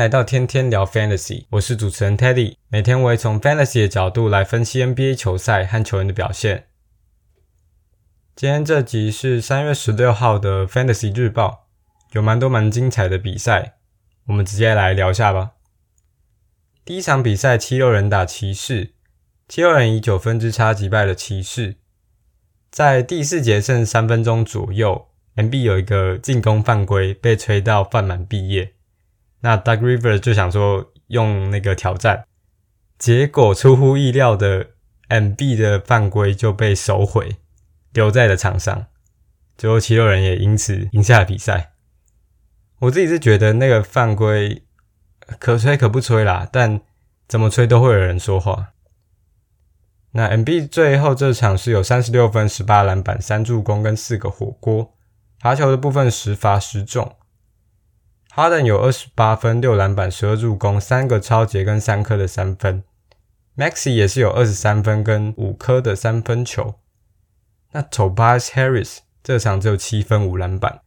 來到天天聊 Fantasy，我是主持人 Teddy。每天我會從 Fantasy 的角度來分析 NBA 球賽和球員的表現。今天這集是三月十六號的 Fantasy 日報，有蠻多蠻精彩的比賽，我們直接來聊一下吧。第一場比賽，七六人打騎士，七六人以九分之差擊敗了騎士，在第四節剩三分鐘左右，Embiid 有一個進攻犯規被吹到犯滿畢業。那 Doc Rivers 就想說用那個挑戰，結果出乎意料的，Embiid 的犯規就被收回，留在了場上，最後七六人也因此贏下了比賽。我自己是覺得那個犯規可吹可不吹啦，但怎麼吹都會有人說話。那 Embiid 最後這場是有三十六分、十八籃板、三助攻跟四個火鍋，罰球的部分十罰十中。哈登有二十八分、六籃板、十二助攻、三個抄截跟三顆的三分。Maxey 也是有二十三分跟五顆的三分球。那 Tobias Harris 這場只有七分五籃板，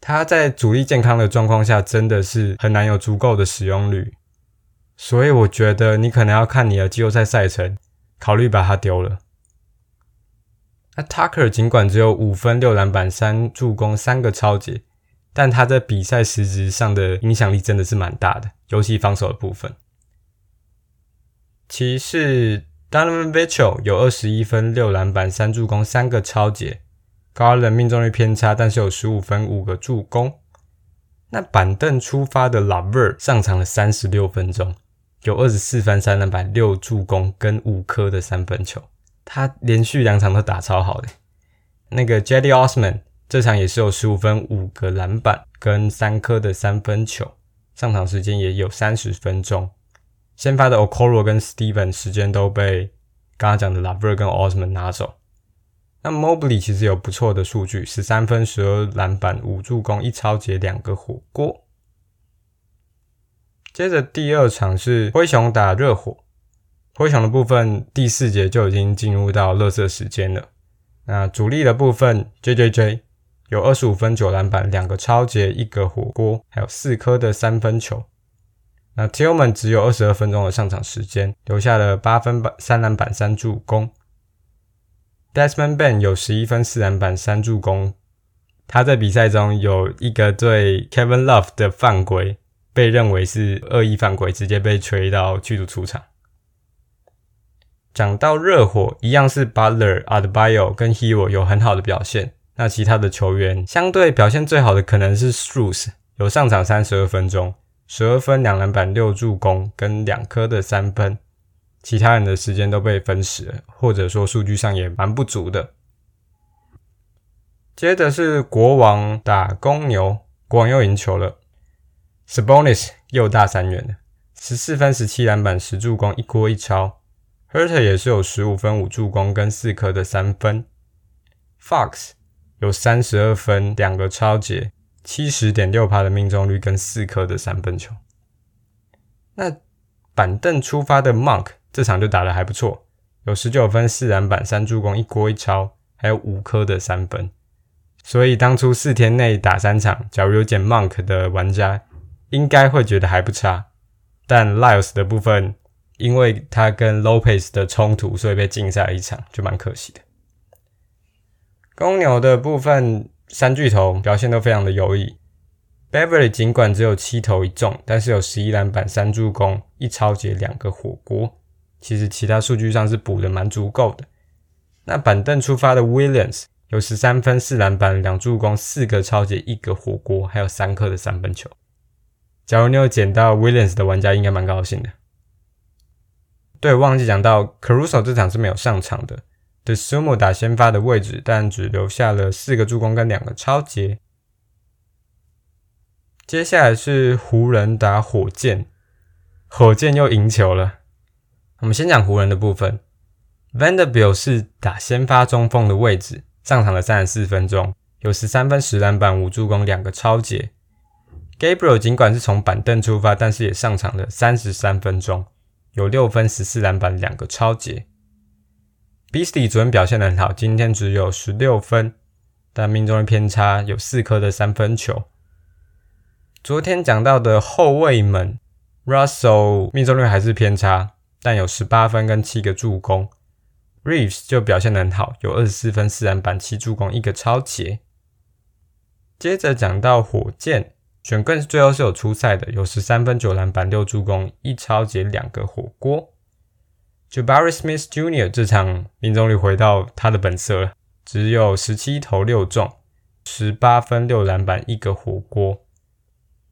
他在主力健康的狀況下真的是很難有足夠的使用率。所以我覺得你可能要看你的季後賽賽程，考慮把他丟了。那 Tucker 儘管只有五分六籃板三助攻三個抄截。但他在比賽實質上的影響力真的是蠻大的，尤其防守的部分。騎士 Donovan Mitchell 有二十一分、六籃板、三助攻、三個抄截，Garland 命中率偏差，但是有十五分、五個助攻。那板凳出發的 Love 上場了三十六分鐘，有二十四分、三籃板、六助攻跟五顆的三分球，他連續兩場都打超好的。那個 Cedi Osman。這場也是有十五分、五個籃板跟三顆的三分球，上場時間也有三十分鐘。先發的 Okoro 跟 Steven 時間都被剛剛講的 Lavere 跟 Osman 拿走。那 Mobley 其實有不錯的數據，十三分、十二籃板、五助攻、一抄截、兩個火鍋。接着第二場是灰熊打熱火，灰熊的部分第四節就已經進入到垃圾時間了。那主力的部分 JJJ。有二十五分九籃板，兩個抄截，一個火鍋，還有四顆的三分球。那 Tillman 只有二十二分鐘的上場時間，留下了八分三籃板三助攻。Desmond Bane 有十一分四籃板三助攻，他在比賽中有一個對 Kevin Love 的犯規，被認為是惡意犯規，直接被吹到驅逐出場。講到熱火，一樣是 Butler、Adebayo 跟 Herro 有很好的表現。那其他的球員相對表現最好的可能是 Strus，有上場三十二分鐘，十二分兩籃板六助攻跟兩顆的三分，其他人的時間都被分食了，或者說數據上也蠻不足的。接着是國王打公牛，國王又贏球了，Sabonis 又大三元了，十四分十七籃板十助攻一鍋一抄 Huerter 也是有十五分五助攻跟四顆的三分，Fox。有三十二分，兩個抄截，七十點六趴的命中率跟四顆的三分球。那板凳出發的 Monk 這場就打得還不錯，有十九分，四籃板，三助攻，一鍋一抄，還有五顆的三分。所以當初四天內打三場，假如有撿 Monk 的玩家，應該會覺得還不差。但 Lyles 的部分，因為他跟 Lopez 的衝突，所以被禁賽一場，就蠻可惜的。公牛的部分，三巨頭表現都非常的優異，Beverly 儘管只有七投一中，但是有十一籃板、三助攻、一抄截、兩個火鍋，其實其他數據上是補的蠻足夠的。那板凳出發的 Williams 有十三分、四籃板、兩助攻、四個抄截、一個火鍋，還有三顆的三分球。假如你有撿到 Williams 的玩家，應該蠻高興的。對，忘記講到 Caruso 這場是沒有上場的。the summer 打先發的位置，但只留下了四個助攻跟兩個抄截。接下來是湖人打火箭，火箭又贏球了。我們先講湖人的部分，Vanderbilt 是打先發中鋒的位置，上場了三十四分鐘，有十三分、十籃板、五助攻、兩個抄截。Gabriel 儘管是從板凳出發，但是也上場了三十三分鐘，有六分、十四籃板、兩個抄截。Beasley 昨天表現得很好，今天只有十六分，但命中率偏差，有四顆的三分球。昨天講到的後衛們，Russell 命中率還是偏差，但有十八分跟七個助攻。Reeves 就表現得很好，有二十四分四籃板七助攻一個抄截。接着講到火箭，選更最後是有出賽的，有十三分九籃板六助攻一抄截兩個火鍋。Jabari Smith Jr. 這場命中率回到他的本色了，只有十七投六中，十八分六籃板一個火鍋。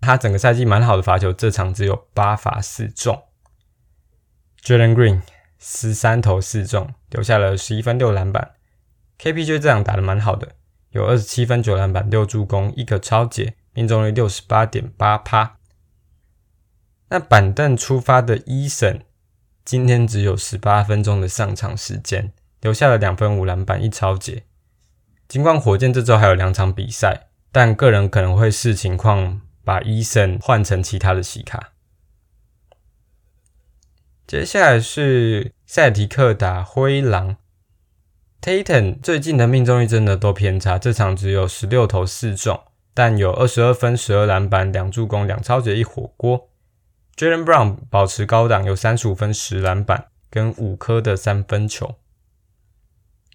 他整個賽季蠻好的罰球，這場只有八罰四中。Jalen Green 十三投四中，留下了十一分六籃板。KPJ 這場打得蠻好的，有二十七分九籃板六助攻一個抄截，命中率六十八點八趴。那板凳出發的 Eason，今天只有十八分鐘的上場時間，留下了兩分五籃板一抄截。儘管火箭這周還有兩場比賽，但個人可能會視情況把伊森換成其他的席卡。接下來是塞提克打灰狼，Tatum 最近的命中率真的都偏差，這場只有十六投四中，但有二十二分十二籃板兩助攻兩抄截一火鍋。Jalen Brown 保持高檔，有三十五分10板、十籃板跟五顆的三分球。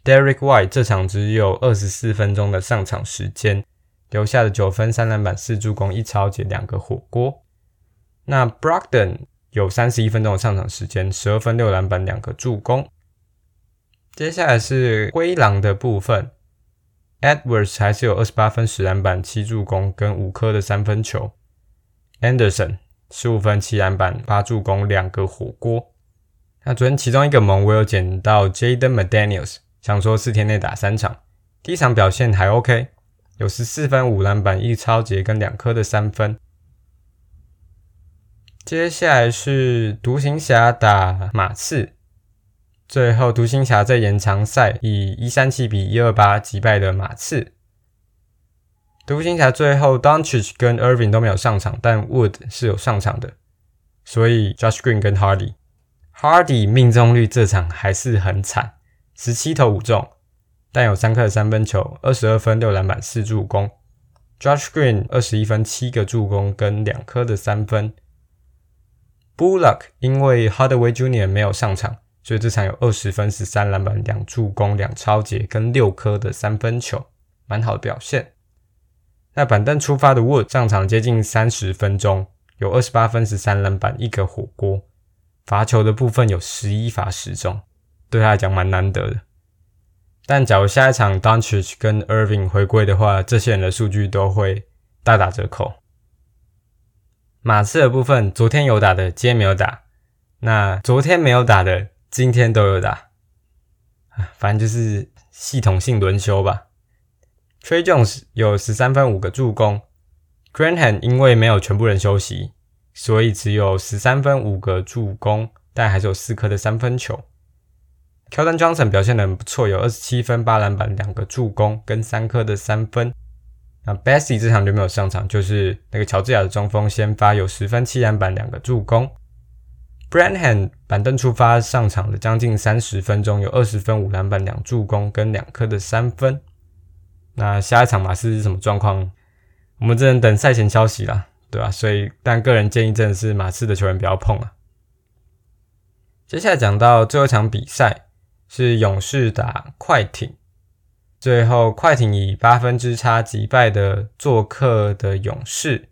Derrick White 這場只有二十四分鐘的上場時間，留下了九分、三籃板、四助攻、一抄截、兩個火鍋。那 Brogdon 有三十一分鐘的上場時間，十二分、六籃板、兩個助攻。接下來是灰狼的部分，Edwards 還是有二十八分、十籃板、七助攻跟五顆的三分球。Anderson。十五分七籃板八助攻兩個火鍋。那昨天其中一個盟我有撿到 Jaden McDaniels 想說四天內打三場，第一場表現還 OK，有十四分五籃板一抄截跟兩顆的三分。接下來是獨行俠打馬刺，最後獨行俠在延長賽以一三七比一二八擊敗了馬刺。獨行俠最後 Doncic 跟 Irving 都沒有上場，但 Wood 是有上場的。所以 Josh Green 跟 Hardy，Hardy Hardy 命中率這場還是很慘，十七投五中，但有三顆的三分球，二十二分六籃板四助攻。Josh Green 二十一分七個助攻跟兩顆的三分。Bullock 因為 Hardaway Jr 沒有上場，所以這場有二十分十三籃板兩助攻兩抄截跟六顆的三分球，蠻好的表現。那板凳出發的 Wood 上場接近三十分鐘，有二十八分十三籃板一個火鍋，罰球的部分有十一罰十中，對他來講蠻難得的。但假如下一場 Doncic 跟 Irving 回歸的話，這些人的數據都會大打折扣。馬刺的部分，昨天有打的今天沒有打，那昨天沒有打的今天都有打，反正就是系統性輪休吧。Tre Jones 有十三分五個助攻，Greenhand 因為沒有全部人休息，所以只有十三分五個助攻，但還是有四顆的三分球。Keldon Johnson 表現得很不錯，有二十七分八籃板兩個助攻跟三顆的三分。那 Bassey 這場就沒有上場，就是那個喬治亞的中鋒先發，有十分七籃板兩個助攻。Branham 板凳出發上場了將近三十分鐘，有二十分五籃板兩助攻跟兩顆的三分。那下一場馬刺是什麼狀況？我們只能等賽前消息了，對吧、啊？所以，但個人建議真的是馬刺的球員不要碰了、啊。接下來講到最後一場比賽是勇士打快艇，最後快艇以八分之差擊敗的做客的勇士。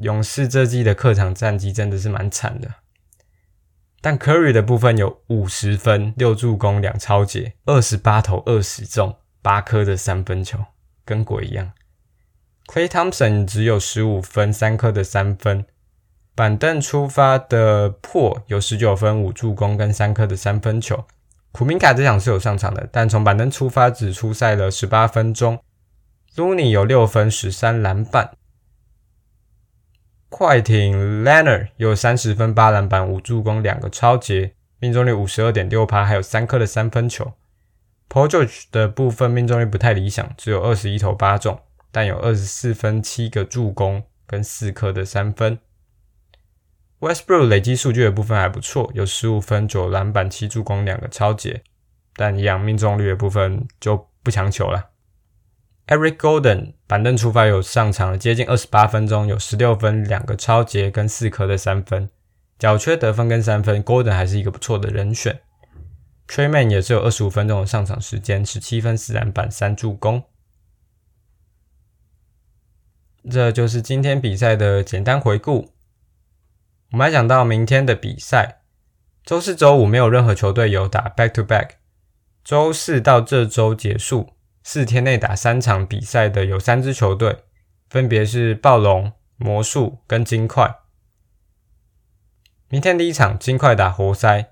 勇士這季的客場戰績真的是蠻慘的，但 Curry 的部分有五十分、六助攻、兩抄截、二十八投二十中、八顆的三分球。跟鬼一樣，Klay Thompson 只有十五分三顆的三分，板凳出發的 Poole 有十九分五助攻跟三顆的三分球，庫明卡這場是有上場的，但從板凳出發只出賽了十八分鐘 Looney 有六分十三籃板，快艇 Leonard 有三十分八籃板五助攻兩個抄截，命中率五十二點六趴，還有三顆的三分球。Paul George 的部分命中率不太理想，只有二十一投八中，但有二十四分七個助攻跟四顆的三分。Westbrook 累積數據的部分還不錯，有十五分九籃板七助攻兩個抄截，但一樣命中率的部分就不強求了。Eric Gordon 板凳出發有上場了接近二十八分鐘，有十六分兩個抄截跟四顆的三分，角缺得分跟三分，Gordon 還是一個不錯的人選。Trayman 也只有二十五分鐘的上場時間，十七分四籃板三助攻。這就是今天比賽的簡單回顧。我們還講到明天的比賽，周四、周五沒有任何球隊有打 back to back。周四到這周結束，四天內打三場比賽的有三支球隊，分別是暴龍、魔術跟金塊。明天第一場，金塊打活塞。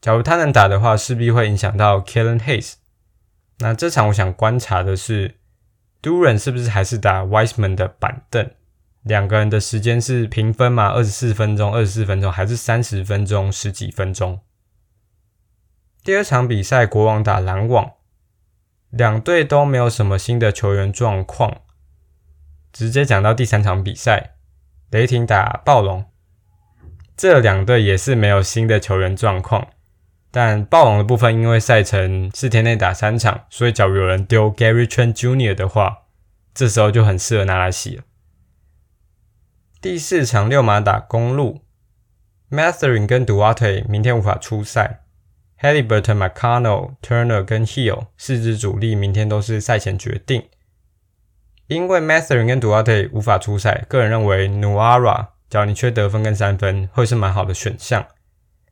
假如他能打的話，勢必會影響到 Kellen Hayes。那這場我想觀察的是 Durant 是不是還是打 Wiseman 的板凳？兩個人的時間是平分嘛？二十四分鐘，二十四分鐘還是三十分鐘，十幾分鐘？第二場比賽，國王打籃網，兩隊都沒有什麼新的球員狀況，直接講到第三場比賽，雷霆打暴龍，這兩隊也是沒有新的球員狀況。但暴龍的部分，因為賽程四天內打三場，所以假如有人丟 Gary Trent Jr. 的話，這時候就很適合拿來洗了。第四場溜馬打公鹿，Mathurin 跟 Duarte 明天無法出賽，Haliburton、McConnell、Turner 跟 Hill 四支主力明天都是賽前決定。因為 Mathurin 跟 Duarte 無法出賽，個人認為 Nuara，只要你缺得分跟三分，會是蠻好的選項。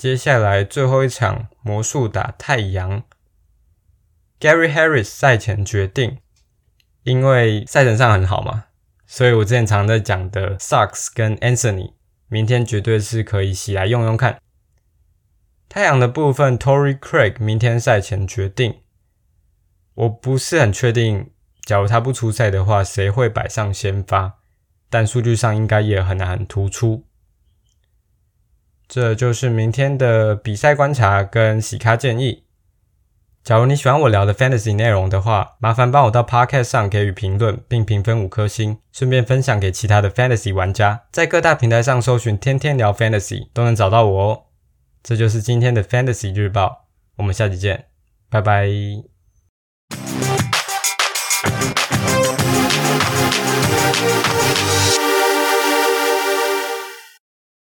接下來最後一場魔術打太陽，Gary Harris 賽前決定，因為賽程上很好嘛，所以我之前常在講的 Suggs 跟 Anthony 明天絕對是可以洗來用用看。太陽的部分 Torrey Craig 明天賽前決定，我不是很確定，假如他不出賽的話，誰會擺上先發，但數據上應該也很難很突出。這就是明天的比賽觀察跟喜卡建議。假如你喜歡我聊的 fantasy 內容的話，麻煩幫我到 podcast 上給予評論並評分五顆星，順便分享給其他的 fantasy 玩家。在各大平台上搜尋“天天聊 fantasy” 都能找到我哦。這就是今天的 fantasy 日報，我們下期見，拜拜。